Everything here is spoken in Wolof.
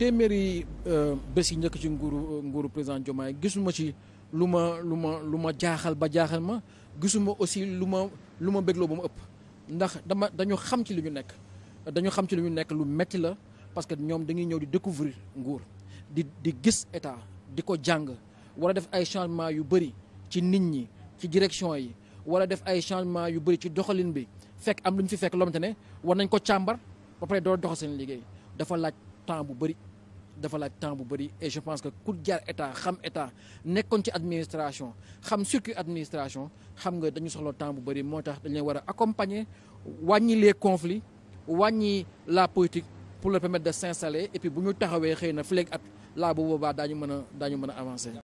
téeméeri euh, bés yi njëkk ci nguuru euh, nguuru président Diomaye gisuma ci lu ma lu ma lu ma jaaxal ba jaaxal ma gisuma aussi lu ma lu ma bégloo ba mu ëpp ndax dama dañu xam ci li ñu nekk dañu xam ci li ñu nekk lu metti la parce que ñoom dañuy ñëw di découvrir nguur di di gis état di ko jàng war def ay changement yu bëri ci nit ñi ci direction yi war def ay changement yu bëri ci doxalin bi fekk am lu ñu fi fekk lomte ne war nañ ko càmbar ba pare doo doxal seen liggéey dafa laaj temps bu bëri dafa laaj temps bu bëri et je pense que ku jaar état xam état nekkoon ci administration xam circuit administration xam nga dañu soxla temps bu bëri moo tax dañ leen war a wàññi lee conflits wàññi la politique pour leur permettre de s'installer et bu ñu taxawee xëy na fii léegi at laa bu boobaa daañu mën daañu mën a avancer.